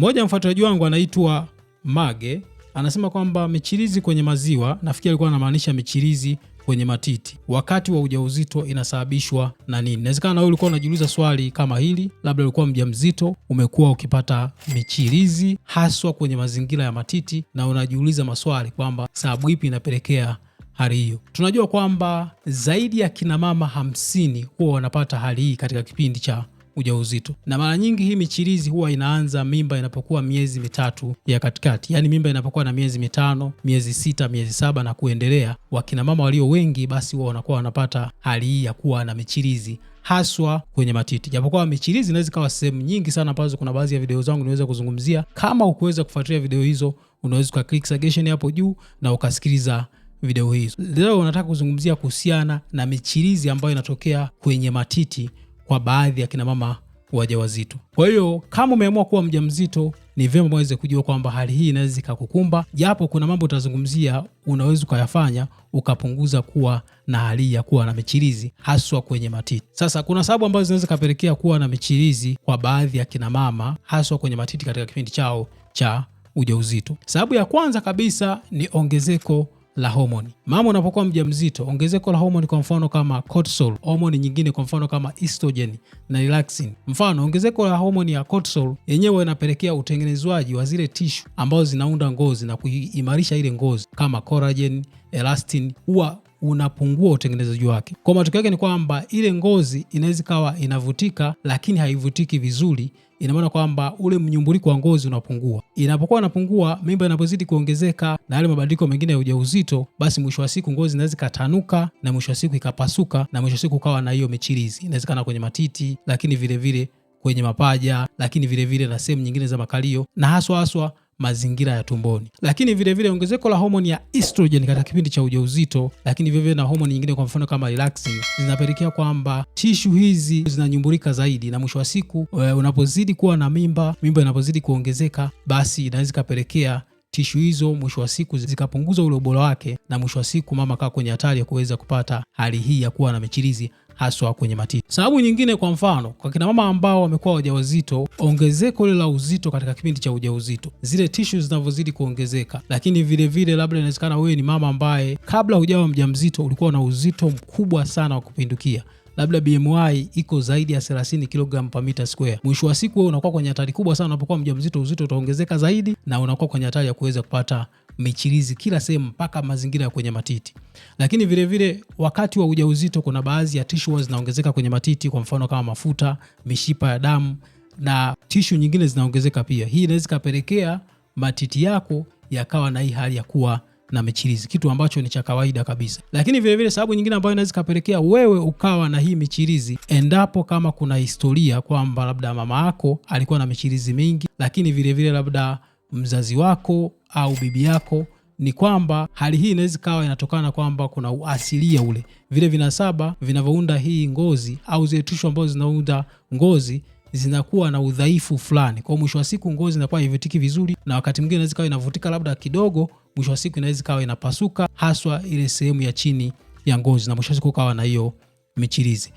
Moja mfuatiliaji wangu anaitwa Mage anasema kwamba michirizi kwenye maziwa, nafikiri alikuwa anamaanisha michirizi kwenye matiti wakati wa ujauzito inasababishwa na nini? Inawezekana na wewe ulikuwa unajiuliza swali kama hili, labda ulikuwa mjamzito, umekuwa ukipata michirizi haswa kwenye mazingira ya matiti, na unajiuliza maswali kwamba sababu ipi inapelekea hali hiyo. Tunajua kwamba zaidi ya kinamama hamsini huwa wanapata hali hii katika kipindi cha ujauzito. Na mara nyingi hii michirizi huwa inaanza mimba inapokuwa miezi mitatu ya katikati, yaani mimba inapokuwa na miezi mitano, miezi sita, miezi saba na kuendelea. Wakina mama walio wengi basi huwa wanakuwa wanapata hali hii ya kuwa na michirizi haswa kwenye matiti, japokuwa michirizi inaweza ikawa sehemu nyingi sana, ambazo kuna baadhi ya video zangu niweza kuzungumzia. Kama ukuweza kufuatilia video hizo, unaweza uka click suggestion hapo juu na ukasikiliza video hizo. Leo nataka kuzungumzia kuhusiana na michirizi ambayo inatokea kwenye matiti kwa baadhi ya kinamama wajawazito. Kwa hiyo kama umeamua kuwa mjamzito, ni vyema mweze kujua kwamba hali hii inaweza ikakukumba, japo kuna mambo utazungumzia, unaweza ukayafanya ukapunguza kuwa na hali ya kuwa na michirizi haswa kwenye matiti. Sasa kuna sababu ambazo zinaweza kapelekea kuwa na michirizi kwa baadhi ya kinamama haswa kwenye matiti katika kipindi chao cha ujauzito. Sababu ya kwanza kabisa ni ongezeko la homoni. Mama unapokuwa mjamzito, ongezeko la homoni kwa mfano kama cortisol, homoni nyingine kwa mfano kama estrogen na relaxin. Mfano, ongezeko la homoni ya cortisol yenyewe inapelekea utengenezwaji wa zile tishu ambazo zinaunda ngozi na kuimarisha ile ngozi kama collagen, elastin huwa unapungua utengenezaji wake. Kwa matokeo yake ni kwamba ile ngozi inaweza ikawa inavutika, lakini haivutiki vizuri. Ina maana kwamba ule mnyumbuliko wa ngozi unapungua. Inapokuwa inapungua, mimba inapozidi kuongezeka na yale mabadiliko mengine ya ujauzito, basi mwisho wa siku ngozi inaweza ikatanuka na mwisho wa siku ikapasuka, na mwisho wa siku ukawa na hiyo michirizi, inawezekana kwenye matiti, lakini vilevile vile kwenye mapaja, lakini vilevile vile na sehemu nyingine za makalio, na haswa haswa mazingira ya tumboni. Lakini vilevile ongezeko la homoni ya estrogen katika kipindi cha ujauzito, lakini vilevile na homoni nyingine, kwa mfano kama relaxing zinapelekea kwamba tishu hizi zinanyumbulika zaidi, na mwisho wa siku eh, unapozidi kuwa na mimba, mimba inapozidi kuongezeka, basi inaweza ikapelekea tishu hizo mwisho wa siku zikapunguza ule ubora wake, na mwisho wa siku mama kaa kwenye hatari ya kuweza kupata hali hii ya kuwa na michirizi haswa kwenye matiti. Sababu nyingine, kwa mfano, kwa kina mama ambao wamekuwa wajawazito, ongezeko lile la uzito katika kipindi cha ujauzito, zile tishu zinavyozidi kuongezeka, lakini vilevile, labda inawezekana wewe ni mama ambaye kabla hujawa mjamzito ulikuwa na uzito mkubwa sana wa kupindukia labda BMI iko zaidi ya 30 kg per meter square. Mwisho wa siku wewe unakuwa kwenye hatari kubwa sana unapokuwa mjamzito, uzito utaongezeka zaidi na unakuwa kwenye hatari ya kuweza kupata michirizi kila sehemu mpaka mazingira ya kwenye matiti. Lakini vile vile wakati wa ujauzito kuna baadhi ya tishu zinaongezeka kwenye matiti, kwa mfano kama mafuta, mishipa ya damu na tishu nyingine zinaongezeka pia. Hii inaweza kapelekea matiti yako yakawa na hii hali ya kuwa na michirizi, kitu ambacho ni cha kawaida kabisa. Lakini vile vile sababu nyingine ambayo inaweza kapelekea wewe ukawa na hii michirizi, endapo kama kuna historia kwamba labda mama yako alikuwa na michirizi mingi, lakini vile vile labda mzazi wako au bibi yako ni kwamba hali hii inaweza ikawa inatokana kwamba kuna uasilia ule, vile vinasaba vinavyounda hii ngozi au zile tishu ambazo zinaunda ngozi zinakuwa na udhaifu fulani. Kwa mwisho wa siku ngozi inakuwa haivutiki vizuri, na wakati mwingine inaweza ikawa inavutika labda kidogo, mwisho wa siku inaweza ikawa inapasuka, haswa ile sehemu ya chini ya ngozi, na mwisho wa siku ukawa na hiyo michirizi.